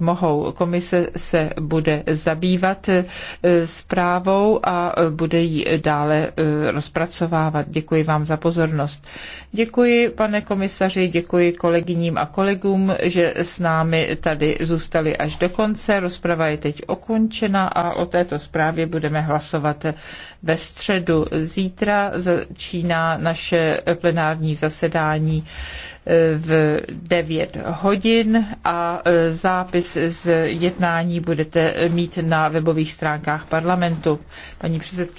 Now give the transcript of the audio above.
mohou. Komise se bude zabývat e, zprávou a e, bude ji dále e, rozpracovávat. Děkuji vám za pozornost. Děkuji, pane komisaři, děkuji kolegyním a kolegům, že s námi tady zůstali až do konce. Rozprava je teď ukončena a o této zprávě budeme hlasovat ve středu. Zítra začíná naše plenární zasedání v 9 hodin a e, zápis z jednání budete mít na webových stránkách parlamentu. Paní předsedkyně.